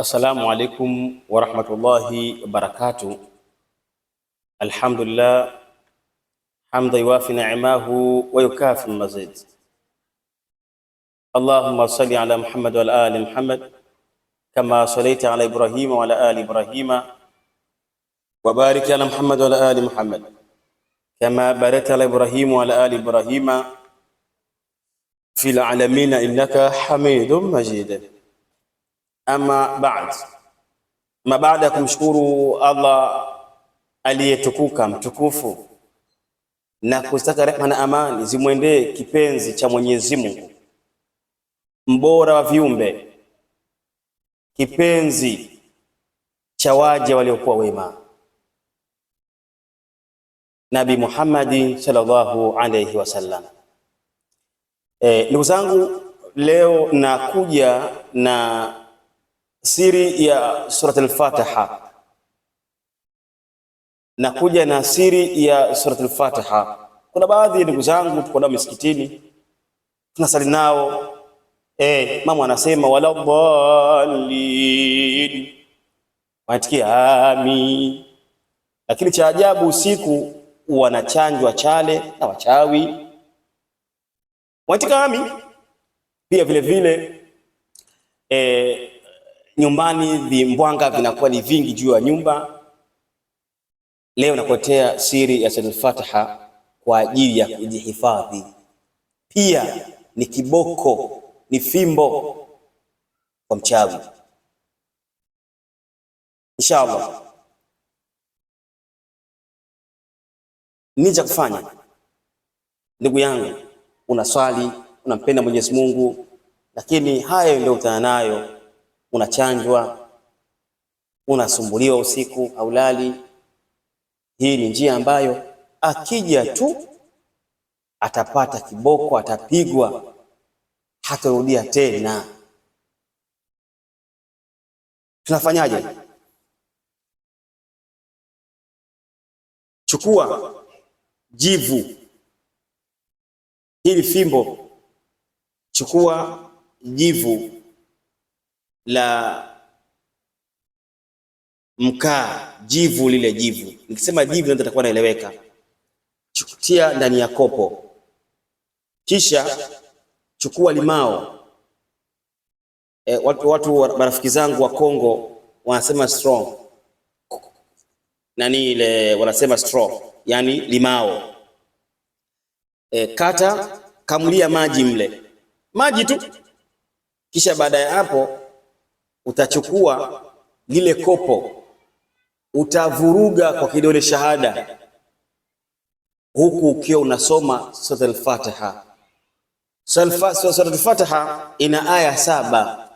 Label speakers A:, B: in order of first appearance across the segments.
A: Assalamu alaikum wa rahmatullahi wa barakatuh. Alhamdulillah hamda yuwafi ni'amahu wa yukafi mazid. Allahumma salli ala Muhammad wa ala ali Muhammad kama sallaita ala Ibrahim wa ala ali Ibrahima wa barik ala Muhammad wa ala ali Muhammad kama barakta ala Ibrahim wa ala ali Ibrahima fil alamin innaka Hamidum Majid. Ama baad, ma baada ya kumshukuru Allah aliyetukuka mtukufu na kuzitaka rehma na amani zimwendee kipenzi cha Mwenyezi Mungu mbora wa viumbe, kipenzi cha waja waliokuwa wema, Nabi Muhammadi sallallahu alayhi wasallam. E, eh, ndugu zangu, leo nakuja na siri ya surat al-Fatiha, nakuja na siri ya surat al-Fatiha. Kuna baadhi ya ndugu zangu tuko nao misikitini, tunasali nao eh, mama anasema wala dhalin, wanatikia ami, lakini cha ajabu usiku wanachanjwa chale na wachawi, wanatika ami pia vile vile eh, nyumbani vimbwanga vinakuwa ni vingi juu ya nyumba. Leo nakuletea siri ya Suratul Fatiha kwa ajili ya kujihifadhi. Pia ni kiboko, ni fimbo kwa mchawi. Inshallah, nini cha kufanya? Ndugu yangu, una swali, unampenda Mwenyezi Mungu, lakini hayo ndio utana nayo unachanjwa, unasumbuliwa usiku haulali. Hii ni njia ambayo akija tu atapata kiboko, atapigwa, hatarudia tena. Tunafanyaje? Chukua jivu hili fimbo, chukua jivu la mkaa, jivu, lile jivu. Nikisema jivu ndio itakuwa naeleweka. Chukutia ndani ya kopo, kisha chukua limao. E, watu, watu marafiki zangu wa Kongo wanasema strong nani ile wanasema straw, yani limao. E, kata kamulia maji mle maji tu, kisha baada ya hapo utachukua lile kopo, utavuruga kwa kidole shahada, huku ukiwa unasoma al Fatiha. al Fatiha ina aya saba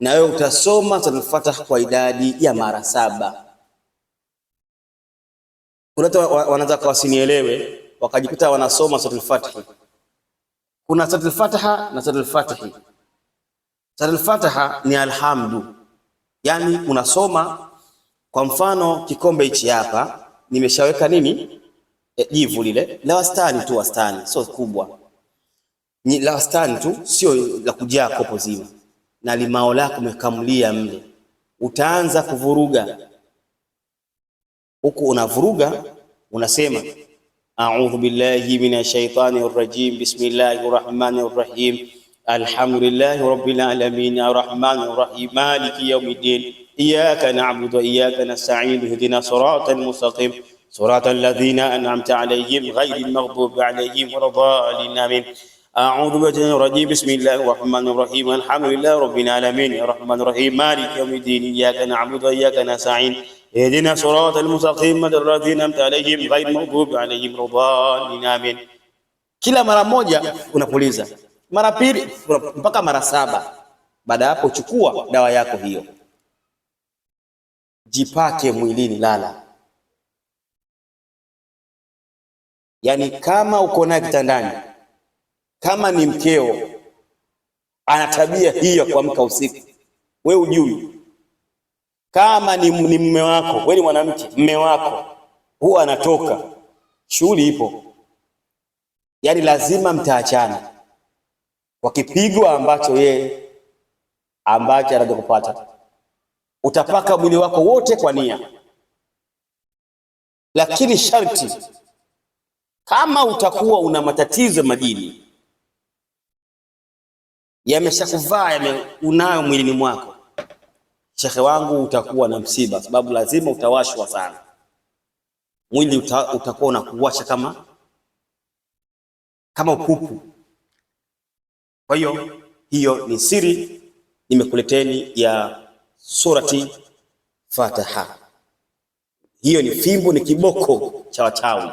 A: na wewe utasoma al Fatiha kwa idadi ya mara saba. Kuna kwa kawasinielewe wakajikuta wanasoma al Fatiha. Kuna al Fatiha na al-Fatiha Sura fatiha ni alhamdu, yaani unasoma kwa mfano kikombe hichi hapa nimeshaweka nini e, jivu lile la wastani tu, wastani sio kubwa, ni la wastani tu, sio la kujaa kopo zima, na limao lako umekamulia mle. Utaanza kuvuruga huku, unavuruga unasema a'udhu billahi minash shaitani rrajim, bismillahir rahmanir rahim الحمد لله رب العالمين الرحمن الرحيم مالك يوم الدين إياك نعبد وإياك نستعين اهدنا صراط المستقيم صراط الذين أنعمت عليهم غير المغضوب عليهم ولا الضالين آمين أعوذ بالله الرجيم بسم الله الرحمن الرحيم الحمد لله رب العالمين الرحمن الرحيم مالك يوم الدين إياك نعبد وإياك نستعين اهدنا صراط المستقيم الذين أنعمت عليهم غير المغضوب عليهم ولا الضالين آمين كلا مرة واحدة unapuliza mara pili mpaka mara saba. Baada ya hapo, chukua dawa yako hiyo, jipake mwilini, lala. Yaani kama uko naye kitandani, kama ni mkeo ana tabia hiyo ya kuamka usiku, we ujui. Kama ni mme wako, we ni mwanamke, mme wako huwa anatoka, shughuli ipo, yaani lazima mtaachana kwa kipigo ambacho yeye ambacho anaja kupata. Utapaka mwili wako wote kwa nia, lakini sharti kama utakuwa una matatizo majini yameshakuvaa yame unayo mwilini mwako, shekhe wangu, utakuwa na msiba, sababu lazima utawashwa sana mwili uta, utakuwa unakuwasha kama kama ukupu kwa hiyo hiyo ni siri nimekuleteni ya surati Fatiha. Hiyo ni fimbo, ni kiboko cha wachawi.